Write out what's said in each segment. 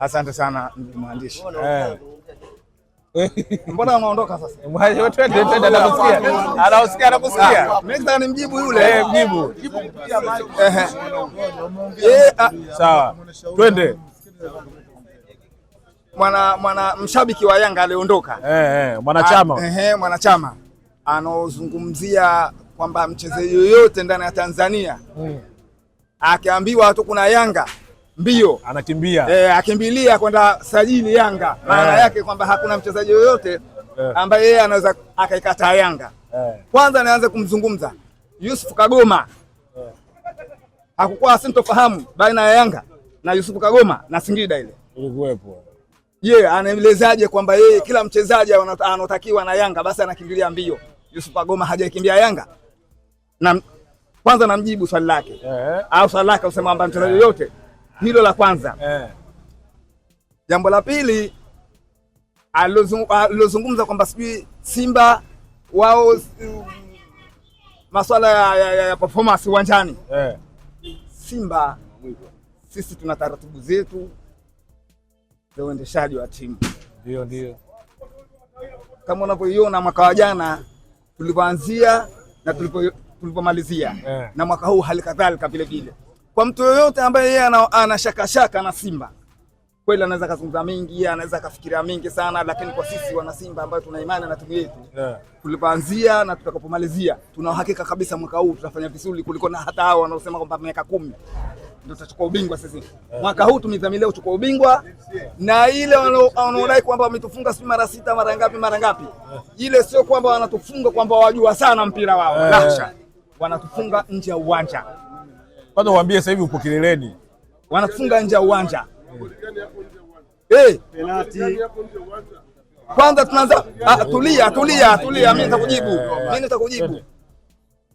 Asante sana mwandishi. Eh. Mbona unaondoka sasa? Twende twende, anakusikia. Anakusikia, anakusikia. Mimi ah, ah. nataka nimjibu yule. Eh, mjibu. Eh, ah. sawa. Twende. Mwana mwana mshabiki wa Yanga aliondoka. Eh, eh, mwanachama. Eh, eh, mwanachama. Anaozungumzia kwamba mchezaji yoyote ndani ya Tanzania Mm. akiambiwa tu kuna Yanga mbio anakimbia e, akimbilia kwenda sajili Yanga maana yeah. yake kwamba hakuna mchezaji yoyote yeah. ambaye yeye anaweza akaikataa Yanga yeah. Kwanza naanza kumzungumza Yusuf Kagoma yeah. hakukuwa sintofahamu baina ya Yanga na Yusuf Kagoma na Singida ile ilikuwepo. Je, yeah, anaelezaje kwamba yeye kila mchezaji anotakiwa na Yanga basi anakimbilia mbio? Yusuf Kagoma hajaikimbia Yanga na kwanza namjibu swali lake yeah. au swali lake usema kwamba mchezaji yoyote hilo la kwanza eh. Jambo la pili alilozungumza kwamba sijui Simba wao uh, masuala ya, ya, ya performance uwanjani eh. Simba sisi tuna taratibu zetu za uendeshaji wa timu, ndio ndio kama unavyoiona mwaka wa jana tulivyoanzia na tulipomalizia eh. na mwaka huu hali kadhalika vile vile. Kwa mtu yoyote ambaye yeye ana shaka shaka na Simba kweli, anaweza kazungumza mingi, anaweza kafikiria mingi sana, lakini kwa sisi wana Simba ambao tuna imani na timu yetu yeah, tulipoanzia na tutakapomalizia, tuna uhakika kabisa mwaka huu tutafanya vizuri kuliko na hata hao wanaosema kwamba miaka kumi ndio tutachukua ubingwa. Sisi mwaka huu tumedhamiria kuchukua ubingwa, na ile wanaodai kwamba wametufunga sisi mara sita mara ngapi mara ngapi, ile sio kwamba wanatufunga kwamba wajua sana mpira wao, yeah, lahasha, wanatufunga nje ya uwanja kwanza uambie sasa hivi upo kileleni, wanafunga nje ya uwanja eh. Eh. penalti. Kwanza tunaanza ah, tulia, tulia, tulia, mimi nitakujibu, mimi nitakujibu.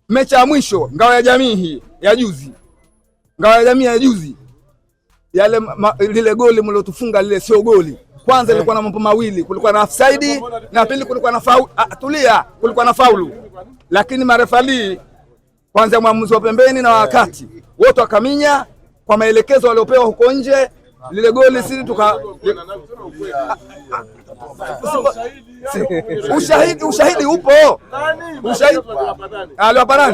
Mecha ya mwisho ngao ya jamii hii ya juzi, ngao ya jamii ya juzi, yale lile goli mliotufunga lile sio goli kwanza eh. ilikuwa na mambo mawili, kulikuwa na offside na pili kulikuwa na faulu. Ah, tulia, kulikuwa na faulu, lakini marefali kwanza, mwamuzi wa pembeni na wakati wote wakaminya kwa maelekezo waliopewa huko nje. Lile goli sisi tuka ushahidi, ushahidi upo, ushahidi aliwapa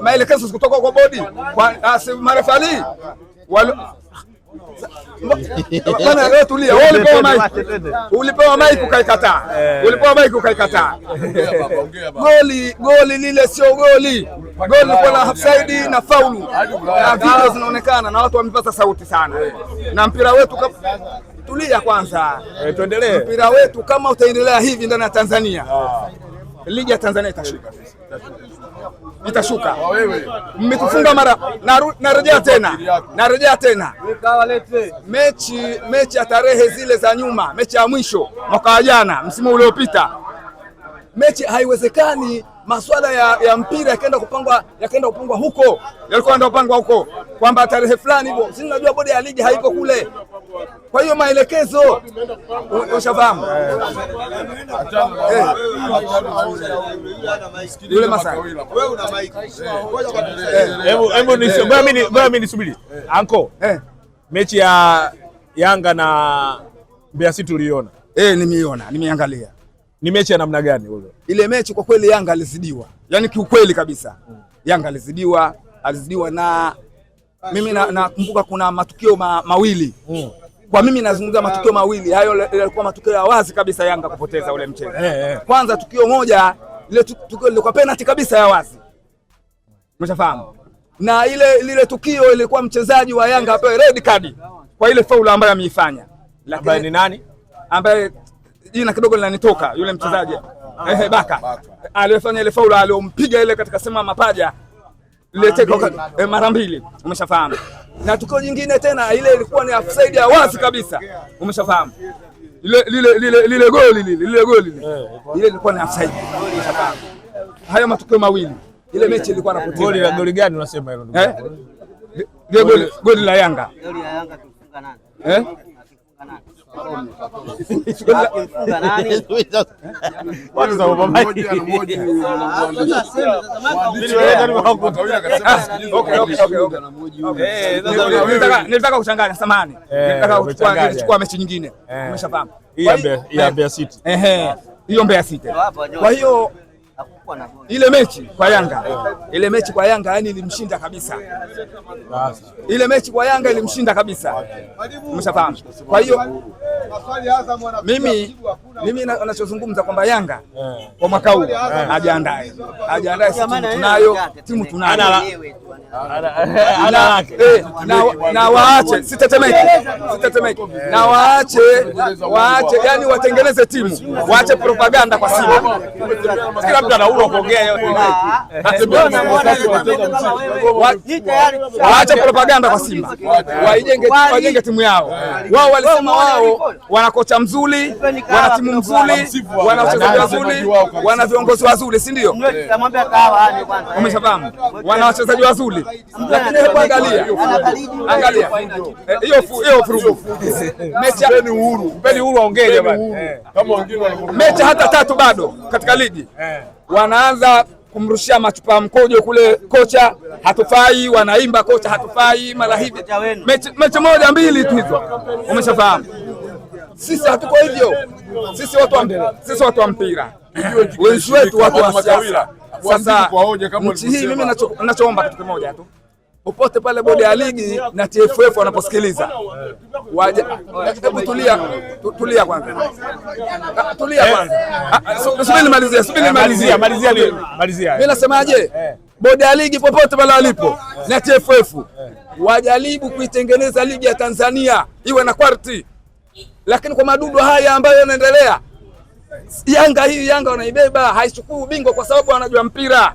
Maelekezo kutoka kwa bodi, kwa ah, marefali Bana wewe tulia. Wewe ulipewa mic. Ulipewa mic ukaikataa. Eh. Ulipewa mic ukaikataa. Goli goli lile sio goli. Goli lilikuwa na offside na faulu. Na video zinaonekana na watu wamepata sauti sana. Na mpira wetu tulia kwanza. E, tuendelee. Mpira wetu kama utaendelea hivi ndani ya Tanzania. Ah. Ligi ya Tanzania itashuka nitashuka. Mmetufunga mara, narejea tena, narejea tena mechi mechi ya tarehe zile za nyuma, mechi ya mwisho mwaka wa jana, msimu uliopita mechi haiwezekani. Masuala ya, ya mpira yakaenda kupangwa yakaenda kupangwa huko, yalikuwa yanapangwa huko kwamba tarehe fulani hivyo, si najua bodi ya ligi haiko kule, kwa hiyo maelekezo ushafahamu, eh. yule Masai. Eh. Hebu eh. nisubiri anko, mechi ya Yanga na Mbeya City uliona? Eh, nimeiona, nimeangalia. Ni mechi ya namna gani ule? Ile mechi kwa kweli Yanga alizidiwa, yaani kiukweli kabisa Yanga alizidiwa, alizidiwa na mimi nakumbuka na kuna matukio ma, mawili mm. Kwa mimi nazungumza matukio mawili hayo, yalikuwa matukio ya wazi kabisa Yanga kupoteza ule mchezo. Eh, eh, eh. Kwanza tukio moja ile tukio lilikuwa penalty kabisa ya wazi, umeshafahamu, na ile lile tukio ilikuwa mchezaji wa Yanga apewe red card kwa ile foul ambayo ameifanya, ambaye ni nani, ambaye jina kidogo linanitoka, yule mchezaji ehe, Baka aliyefanya ile foul aliyompiga ile katika sema mapaja ile teko mara mbili, umeshafahamu na tukio jingine tena, ile ilikuwa ni offside ya wazi kabisa, umeshafahamu lile lile lile lile goli lile lile goli lile eh, eh, ile ilikuwa ni offside, umeshafahamu hayo matukio mawili, ile mechi ilikuwa na goli la Goli gani unasema hilo? Ndio eh? goli goli la Yanga, goli la Yanga tulifunga nani eh Nilitaka kuchanganya samani, eh, kuchukua mechi nyingine, eh. umeshafahamu hiyo Mbeya City. Kwa hiyo ile mechi kwa Yanga, ile mechi kwa Yanga yani ilimshinda kabisa, ile mechi kwa Yanga ilimshinda kabisa, umeshafahamu. Kwa hiyo mimi mimi nachozungumza kwamba Yanga kwa mwaka huu ajiandae, ajiandae. Tunayo timu, tunayo eh, na waache, sitetemeke, sitetemeke, na waache, waache yani watengeneze timu, waache propaganda kwa simu, kila mtu ana waache propaganda kwa Simba, waijenge timu yao. Wao walisema wao wana kocha mzuri, wana timu mzuri, wana wachezaji wazuri, wana viongozi wazuri, si ndio? Umeshafahamu, wana wachezaji wazuri, lakini hebu angalia, angalia eh, hiyo hiyo furugu mechi. Mpeni uhuru, mpeni uhuru, aongee jamani, eh. mechi hata tatu bado katika ligi eh wanaanza kumrushia machupa mkojo kule, kocha hatufai, wanaimba kocha hatufai, mara hivi mechi, mechi moja mbili tu hizo, umeshafahamu. Sisi hatuko hivyo, sisi watu wa mbele, sisi watu wa mpira, wenzi wetu watu wa siasa. Sasa nchi hii, mimi nachoomba kitu kimoja tu popote pale bodi ya ligi na TFF wanaposikiliza waje. Lakini tulia, tulia kwanza, ah, tulia kwanza, ah, subiri nimalizie, subiri eh, nimalizie, malizia, malizia. Mimi nasemaje, eh. bodi ya ligi popote pale walipo na TFF eh. wajaribu kuitengeneza ligi ya Tanzania iwe na kwarti, lakini kwa madudu haya ambayo yanaendelea Yanga hii Yanga wanaibeba, haichukui ubingwa kwa sababu wanajua mpira.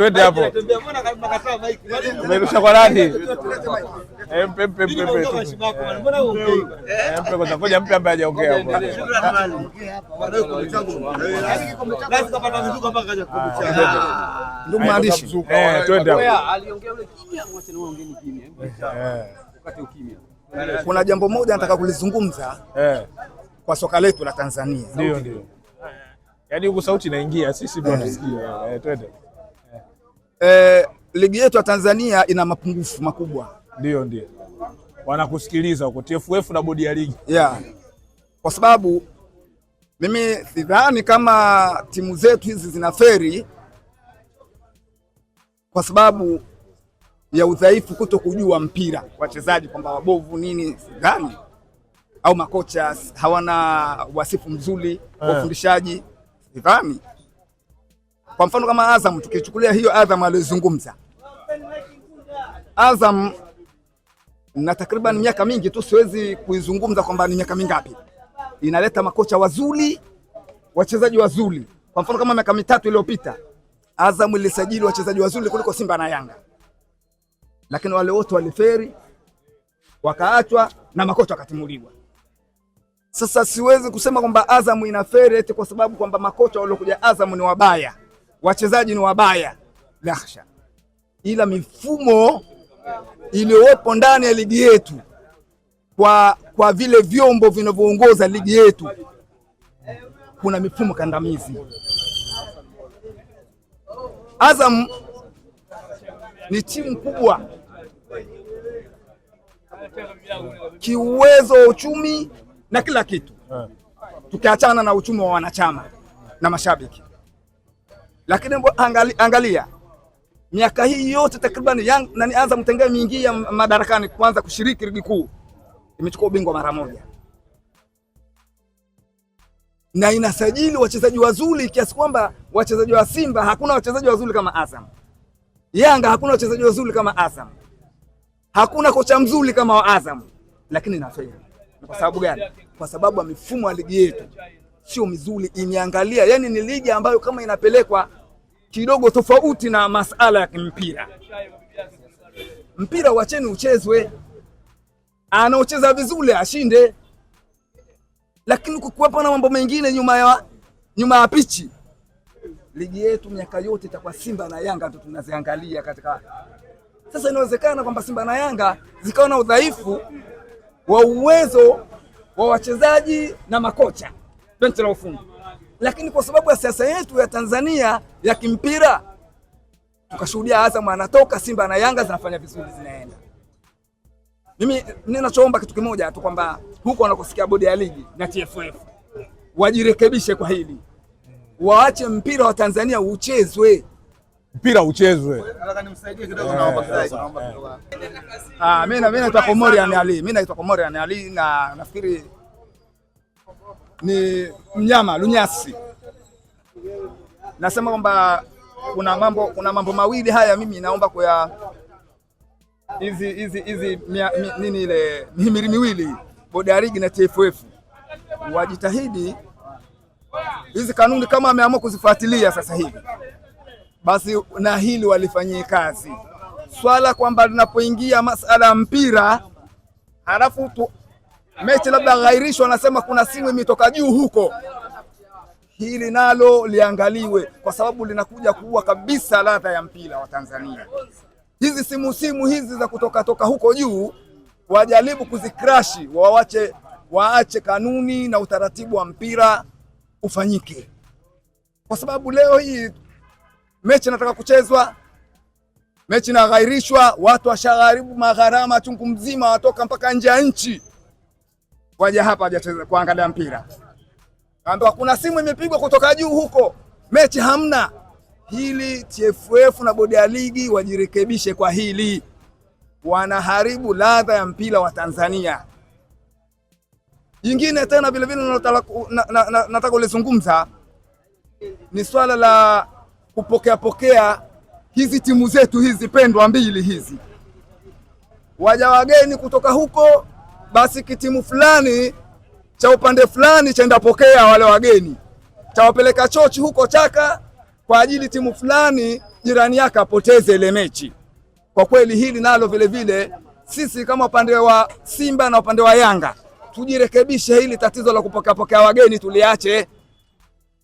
Twende hapo. Umerusha kwa nani? ngoja mpe ambaye hajaongea ah. ah, ah. Ndugu mwandishi. Eh, twende hapo. Eh. Kuna jambo moja nataka kulizungumza. Eh. Kwa soka letu la Tanzania. Ndio ndio. Yaani sauti inaingia sisi tunasikia. Eh, twende eh, ligi yetu ya Tanzania ina mapungufu makubwa. Ndio, ndio wanakusikiliza huko TFF na bodi ya ligi yeah. Kwa sababu mimi sidhani kama timu zetu hizi zina feri kwa sababu ya udhaifu, kuto kujua mpira, wachezaji kwamba wabovu nini, sidhani au makocha hawana wasifu mzuri eh. wa yeah. ufundishaji sidhani kwa mfano kama Azam, tukichukulia hiyo Azam aliyozungumza Azam, na takriban miaka mingi tu, siwezi kuizungumza kwamba ni miaka mingapi, inaleta makocha wazuri, wachezaji wazuri. Kwa mfano kama miaka mitatu iliyopita, Azam ilisajili wachezaji wazuri kuliko Simba na Yanga, lakini wale wote waliferi, wakaachwa na makocha wakatimuliwa. Sasa siwezi kusema kwamba Azam ina feri eti kwa sababu kwamba makocha waliokuja Azam ni wabaya wachezaji ni wabaya lahasha, ila mifumo iliyowepo ndani ya ligi yetu kwa, kwa vile vyombo vinavyoongoza ligi yetu kuna mifumo kandamizi. Azam ni timu kubwa kiuwezo wa uchumi na kila kitu, eh. tukiachana na uchumi wa wanachama na mashabiki lakini angali, angalia miaka hii yote takriban nani na nianza Mtengwa mingia madarakani kuanza kushiriki ligi kuu imechukua ubingwa mara moja na inasajili wachezaji wazuri kiasi kwamba wachezaji wa Simba hakuna wachezaji wazuri kama Azam. Yanga hakuna wachezaji wazuri kama Azam. Hakuna kocha mzuri kama wa Azam, lakini inafeli. Kwa sababu gani? Kwa sababu ya mifumo ya ligi yetu sio mizuri, imeangalia yani ni ligi ambayo kama inapelekwa kidogo tofauti na masala ya mpira. Mpira wacheni uchezwe, anaocheza vizuri ashinde, lakini kukuwepo na mambo mengine nyuma ya nyuma ya pichi. Ligi yetu miaka yote itakuwa Simba na Yanga ndio tunaziangalia katika. Sasa inawezekana kwamba Simba na Yanga zikawa na udhaifu wa uwezo wa wachezaji na makocha benchi la ufundi, lakini kwa sababu ya siasa yetu ya Tanzania ya kimpira tukashuhudia Azam anatoka, Simba na Yanga zinafanya vizuri, zinaenda. Mimi ninachoomba kitu kimoja tu kwamba huko wanakosikia bodi ya ligi na TFF wajirekebishe kwa hili, waache mpira wa Tanzania uchezwe mpira uchezwe. Eh, eh, eh. Ah, mimi naitwa Komorian Ali, mimi naitwa Komorian Ali na nafikiri ni mnyama lunyasi. Nasema kwamba kuna mambo kuna mambo mawili haya, mimi naomba kuya hizi hizi hizi nini ile mihimili miwili, bodi ya ligi na TFF wajitahidi hizi kanuni, kama ameamua kuzifuatilia sasa hivi, basi na hili walifanyie kazi swala kwamba linapoingia masala ya mpira halafu mechi labda ghairishwa, anasema kuna simu imetoka juu huko. Hili nalo liangaliwe, kwa sababu linakuja kuua kabisa ladha ya mpira wa Tanzania. Hizi simu simu hizi za kutoka toka huko juu wajaribu kuzikrashi, waache waache kanuni na utaratibu wa mpira ufanyike, kwa sababu leo hii mechi inataka kuchezwa, mechi inaghairishwa, watu washagharibu magharama chungu mzima, watoka mpaka nje ya nchi waja hapa hajacheza kuangalia mpira. Kaambiwa kuna simu imepigwa kutoka juu huko, mechi hamna. Hili TFF na bodi ya ligi wajirekebishe kwa hili, wanaharibu ladha ya mpira wa Tanzania. Jingine tena vilevile nataka ulizungumza ni swala la kupokea pokea hizi timu zetu hizi pendwa mbili hizi, waja wageni kutoka huko basi kitimu fulani cha upande fulani chaenda pokea wale wageni, chawapeleka chochi huko Chaka kwa ajili timu fulani jirani yake apoteze ile mechi. Kwa kweli hili nalo vilevile sisi kama upande wa Simba na upande wa Yanga tujirekebishe, hili tatizo la kupokeapokea wageni tuliache,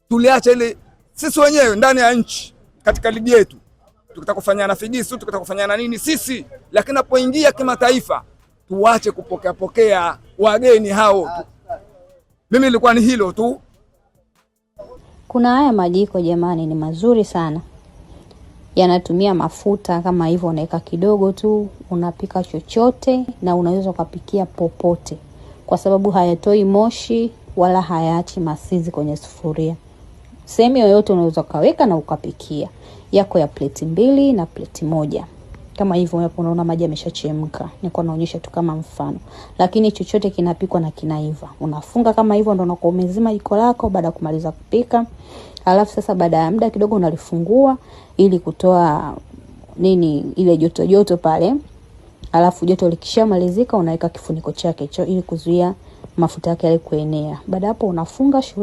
tuliache ili sisi wenyewe ndani ya nchi katika ligi yetu tukitaka kufanyana figisu, tukitaka nini sisi, lakini napoingia kimataifa tuache kupokea pokea wageni hao. Mimi ilikuwa ni hilo tu. Kuna haya majiko jamani, ni mazuri sana, yanatumia mafuta kama hivyo, unaweka kidogo tu, unapika chochote na unaweza ukapikia popote, kwa sababu hayatoi moshi wala hayaachi masizi kwenye sufuria. Sehemu yoyote unaweza ukaweka na ukapikia yako ya pleti mbili na pleti moja kama hivyo hapo, unaona maji yameshachemka. Nilikuwa naonyesha tu kama mfano, lakini chochote kinapikwa na kinaiva, unafunga kama hivyo, ndio unakuwa umezima jiko lako baada ya kumaliza kupika. Alafu sasa, baada ya muda kidogo, unalifungua ili kutoa nini, ile joto joto pale. Alafu joto likishamalizika, unaweka kifuniko chake cho ili kuzuia mafuta yake yale kuenea. Baada hapo, unafunga.